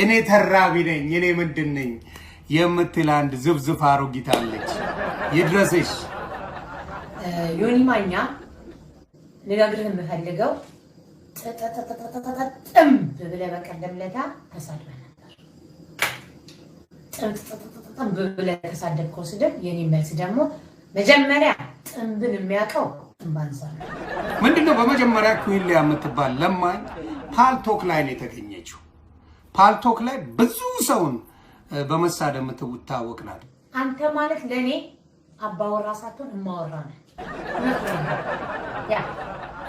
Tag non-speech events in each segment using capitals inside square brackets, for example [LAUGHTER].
እኔ ተራቢ ነኝ እኔ ምንድን ነኝ የምትል አንድ ዝብዝፍ አሮጊት አለች። ይድረስሽ ዮኒ ማኛ። ልነግርህ የምፈልገው ጥምብ ብብለ በቀደም ዕለት ተሳድበህ ነበር። ጥምብ ተሳደብከው ስድብ። የኔ መልስ ደግሞ መጀመሪያ ጥምብን የሚያውቀው ጥንባንሳ ምንድነው? በመጀመሪያ ኩል የምትባል ለማኝ ፓልቶክ ላይ ነው የተገኘችው። ፓልቶክ ላይ ብዙ ሰውን በመሳደ የምትታወቅ ናት። አንተ ማለት ለእኔ አባወራ ሳትሆን እማወራ ነህ።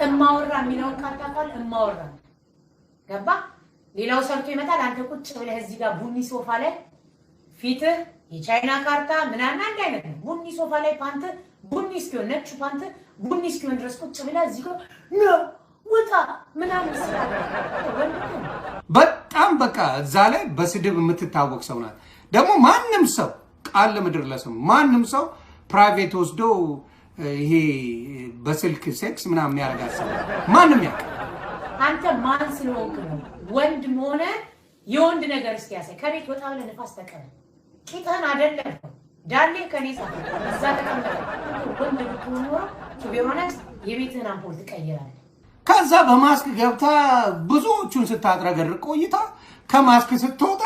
እማወራ የሚለውን ካታቋል እማወራ ገባ። ሌላው ሰርቶ ይመጣል። አንተ ቁጭ ብለህ እዚህ ጋር ቡኒ ሶፋ ላይ ፊትህ የቻይና ካርታ ምናምን አንድ አይነት ነው። ቡኒ ሶፋ ላይ ፓንት ቡኒ እስኪሆን ነጩ ፓንት ቡኒ እስኪሆን ድረስ ቁጭ ብለህ እዚህ ጋር ነው ወጣ ምናምን ስላለ በጣም በቃ እዛ ላይ በስድብ የምትታወቅ ሰው ናት። ደግሞ ማንም ሰው ቃል ለምድር ለሰው ማንም ሰው ፕራይቬት ወስዶ ይሄ በስልክ ሴክስ ምናምን ያደርጋት ሰው ማንም ያውቅ። አንተ ማን ስለሆንክ ነው ወንድ መሆነ የወንድ ነገር እስኪ ያሳይ። ከቤት ወጣ ብለህ ነፋስ ተቀበል። ቂጠን አይደለም ዳሌ ከኔ ሳ እዛ ተቀመጠ ወንድ ብትሆን ኖሮ ሆነ የቤትህን አምፖል ትቀይራለህ። ከዛ በማስክ ገብታ ብዙዎቹን ስታጥረገርቅ ቆይታ ከማስክ ስትወጣ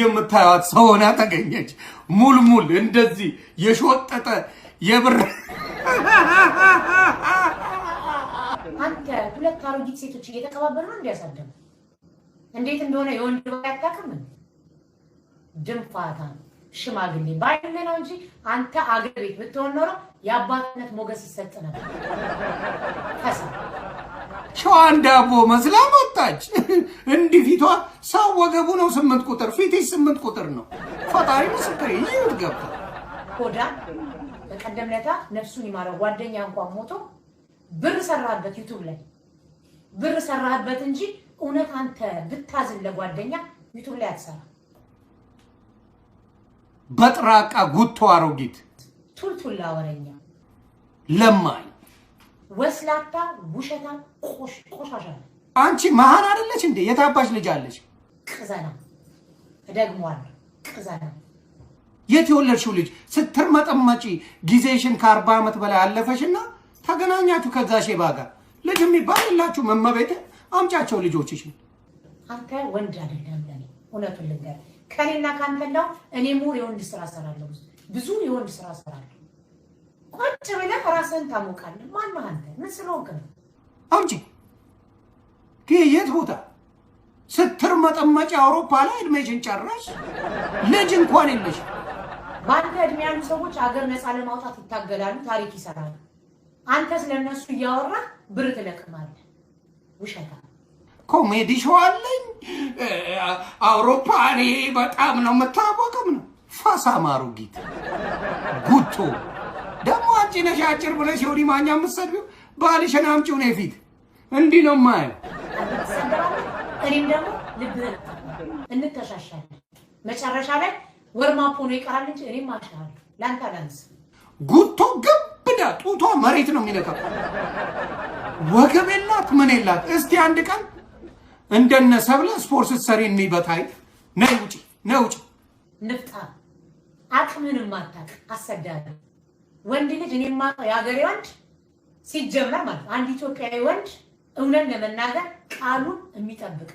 የምታዩት ሰው ሆና ተገኘች። ሙልሙል እንደዚህ የሾጠጠ የብር አንተ ሁለት አሮጊት ሴቶች እየተቀባበሉ ነው እንዲያሳደሙ እንዴት እንደሆነ የወንድ ያታክም ድንፋታ ሽማግሌ ባይነ ነው እንጂ አንተ አገር ቤት ብትሆን ኖሮ የአባትነት ሞገስ ይሰጥ ነበር። ሸዋን ዳቦ መስላ መጣች። እንዲህ ፊቷ ሰው ወገቡ ነው ስምንት ቁጥር ፊቴ ስምንት ቁጥር ነው። ፈጣሪ ምስክር ይዩት ገባ ኮዳ በቀደም ለታ ነፍሱን ይማረው ጓደኛ እንኳን ሞቶ ብር ሰራበት ዩቱብ ላይ ብር ሰራበት እንጂ እውነት አንተ ብታዝን ለጓደኛ ዩቱብ ላይ አትሰራ። በጥራቃ ጉቶ አሮጊት ቱልቱላ ወረኛ ለማኝ ወስላታ፣ ውሸታ፣ ቆሻሻ ነው። አንቺ መሀን አደለች እንዴ? የታባሽ ልጅ አለች። ቅዘና እደግመዋለሁ፣ ቅዘና የት የወለድሽው ልጅ ስትርመጠመጪ ጊዜሽን ከአርባ ዓመት በላይ አለፈሽና ተገናኛችሁ ከዛ ሼባ ጋር ልጅ የሚባል የላችሁ። መመቤት አምጫቸው ልጆችሽ። አንተ ወንድ አይደለም ለኔ እውነቱን ልንገር፣ ከኔና ከአንተላው እኔ ሙር የወንድ ስራ ሰራለሁ፣ ብዙ የወንድ ስራ ሰራለሁ። ቁጭ ብለህ ራስህን ታሞቃለህ። ማነው አንተ? ምን ስለሆንክ ነው? አምጪ የት ቦታ ስትር መጠመጫ አውሮፓ ላይ እድሜሽን ጨረሽ፣ ልጅ እንኳን የለሽ። በአንተ እድሜ ያሉ ሰዎች ሀገር ነፃ ለማውጣት ይታገላሉ፣ ታሪክ ይሰራሉ። አንተ ስለነሱ እያወራ ብር ትለቅማለህ። ውሸታ ኮሜዲ ሾው አለኝ አውሮፓ እኔ በጣም ነው የምታወቅም ነው ፋሳ ማሩ ጊት ጉቶ ደግሞ አንቺ ነሽ አጭር ብለሽ የወዲ ማኛ የምትሰድቢው ባልሽን አምጪው ነው ፊት እንዲህ ነው የማየው። እኔም ደግሞ ልብህን እንተሻሻለን። መጨረሻ ላይ ወርማፖ ነው ይቀራል እንጂ እኔም አሻለሁ ለአንተ ላንስ ጉቶ ግብዳ ጡቷ መሬት ነው የሚነካው። ወገብ የላት ምን የላት። እስቲ አንድ ቀን እንደነ ሰብለ ስፖርት ስትሰሪ የሚበታይ ነይ ውጪ ነይ ውጪ ንፍጣ አቅምንም አታውቅ አሰዳለሁ ወንድ ልጅ እኔማ የሀገሬ ወንድ ሲጀመር ማለት አንድ ኢትዮጵያዊ ወንድ እውነት ለመናገር ቃሉን የሚጠብቅ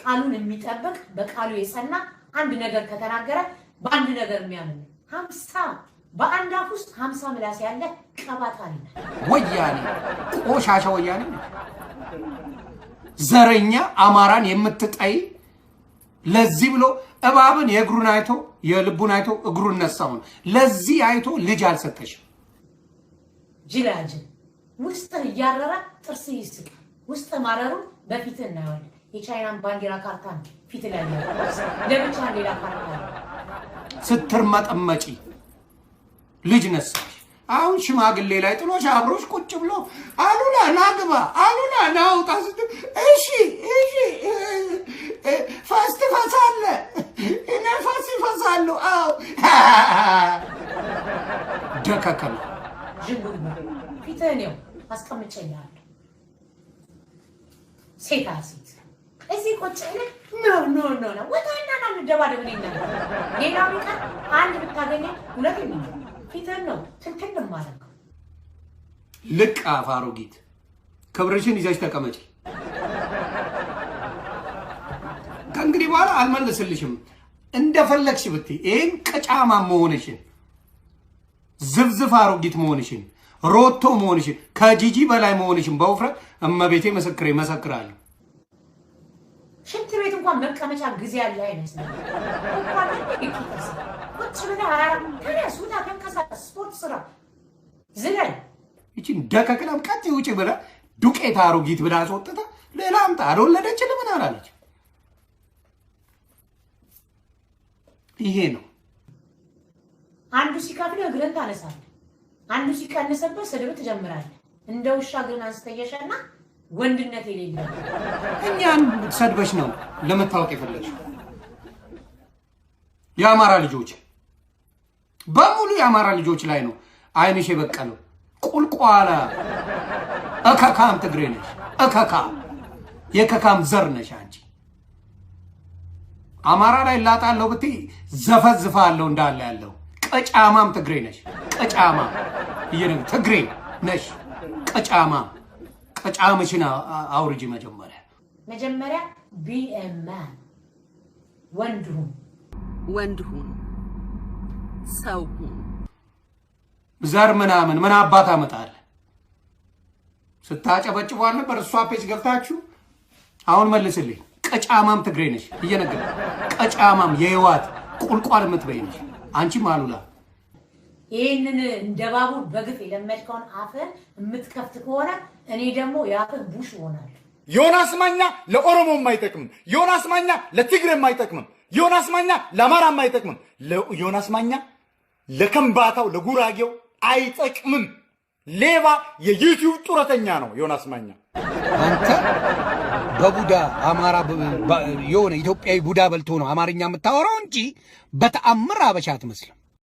ቃሉን የሚጠብቅ በቃሉ የጸና አንድ ነገር ከተናገረ በአንድ ነገር የሚያምን ሀምሳ በአንድ አፍ ውስጥ ሀምሳ ምላስ ያለ ቀባጣሪ ወያኔ፣ ቆሻሻ ወያኔ፣ ዘረኛ አማራን የምትጠይ ለዚህ ብሎ እባብን የእግሩን አይቶ የልቡን አይቶ እግሩን ነሳው። ለዚህ አይቶ ልጅ አልሰጠሽም። ጅላጅል ውስጥ እያረረ ጥርስ ይስቅ ውስጥ ማረሩ በፊት እናየዋለን። የቻይናን ባንዲራ ካርታ ፊት ላይ ለብቻ ሌላ ካርታ ስትርመጠመጪ ልጅ ነሳሽ። አሁን ሽማግሌ ላይ ጥሎሽ አብሮሽ ቁጭ ብሎ አሉላ ናግባ አሉላ ናውጣ ስት እሺ እሺ ፈስ ፈሳለ እኔ ፈስ ይፈሳሉ። አዎ [LAUGHS] ደከከም ፊትኔው አስቀምጨኛለሁ። ሴታ ሴት እዚህ ቁጭ ኖ ኖ ኖ ወታና ነው ደባደብ ሌላ አንድ ብታገኘ ሁለት ፊትን ነው ትንትን ማለት ነው። ልቅ አፍ አሮጊት፣ ክብርሽን ይዘሽ ተቀመጪ። ከእንግዲህ በኋላ አልመልስልሽም። እንደፈለግሽ ብትይ ይህን ቀጫማ መሆንሽን፣ ዝብዝፍ አሮጊት መሆንሽን፣ ሮቶ መሆንሽን፣ ከጂጂ በላይ መሆንሽን በውፍረት እመቤቴ ምስክሬ መሰክራለሁ። ሽንት ቤት እንኳን መቀመጫ ጊዜ ያለ አይነት ነው። ቁጭ ብለህ ስፖርት ስራ፣ ዝለል። ይቺን ደከክላም ቀጥ ውጭ ብለህ ዱቄት አሮጊት ብላ አስወጥተህ ሌላ አምጣ። አልወለደችልም ለምን አላለች። ይሄ ነው አንዱ ሲከፍል እግርን ታነሳለህ፣ አንዱ ሲቀንስበት ስድብ ትጀምራለህ። እንደ ውሻ እግርን አንስተየሸና ወንድነት የሌለ እኛን ሰድበሽ ነው ለመታወቅ የፈለግሽ። የአማራ ልጆች በሙሉ የአማራ ልጆች ላይ ነው አይንሽ የበቀለው። ቁልቋላ እከካም ትግሬ ነሽ፣ እከካ የከካም ዘር ነሽ አንቺ። አማራ ላይ ላጣለው ብትይ ዘፈዝፋ አለው እንዳለ ያለው ቀጫማም ትግሬ ነሽ። ቀጫማ ትግሬ ነሽ፣ ቀጫማም ቀጫምችን አውርጅ። መጀመሪያ መጀመሪያ ቢኤማ ወንድ ሁን፣ ወንድ ሁን፣ ሰው ሁን። ዘር ምናምን ምን አባት አመጣል። ስታጨበጭቧ ነበር እሷ ፔጅ ገብታችሁ። አሁን መልስልኝ። ቀጫማም ትግሬ ነሽ እየነገር ቀጫማም የህዋት ቁልቋል የምትበይ ነሽ አንቺ አሉላ ይህንን እንደ ባቡር በግፍ የለመድከውን አፍህን የምትከፍት ከሆነ እኔ ደግሞ የአፍህ ቡሽ ይሆናል። ዮናስ ማኛ ለኦሮሞ አይጠቅምም። ዮናስ ማኛ ለትግር አይጠቅምም። ዮናስ ማኛ ለአማራ አይጠቅምም። ዮናስ ማኛ ለከምባታው ለጉራጌው አይጠቅምም። ሌባ የዩቲዩብ ጡረተኛ ነው ዮናስ ማኛ። አንተ በቡዳ አማራ የሆነ ኢትዮጵያዊ ቡዳ በልቶ ነው አማርኛ የምታወራው እንጂ በተአምር አበሻ አትመስልም።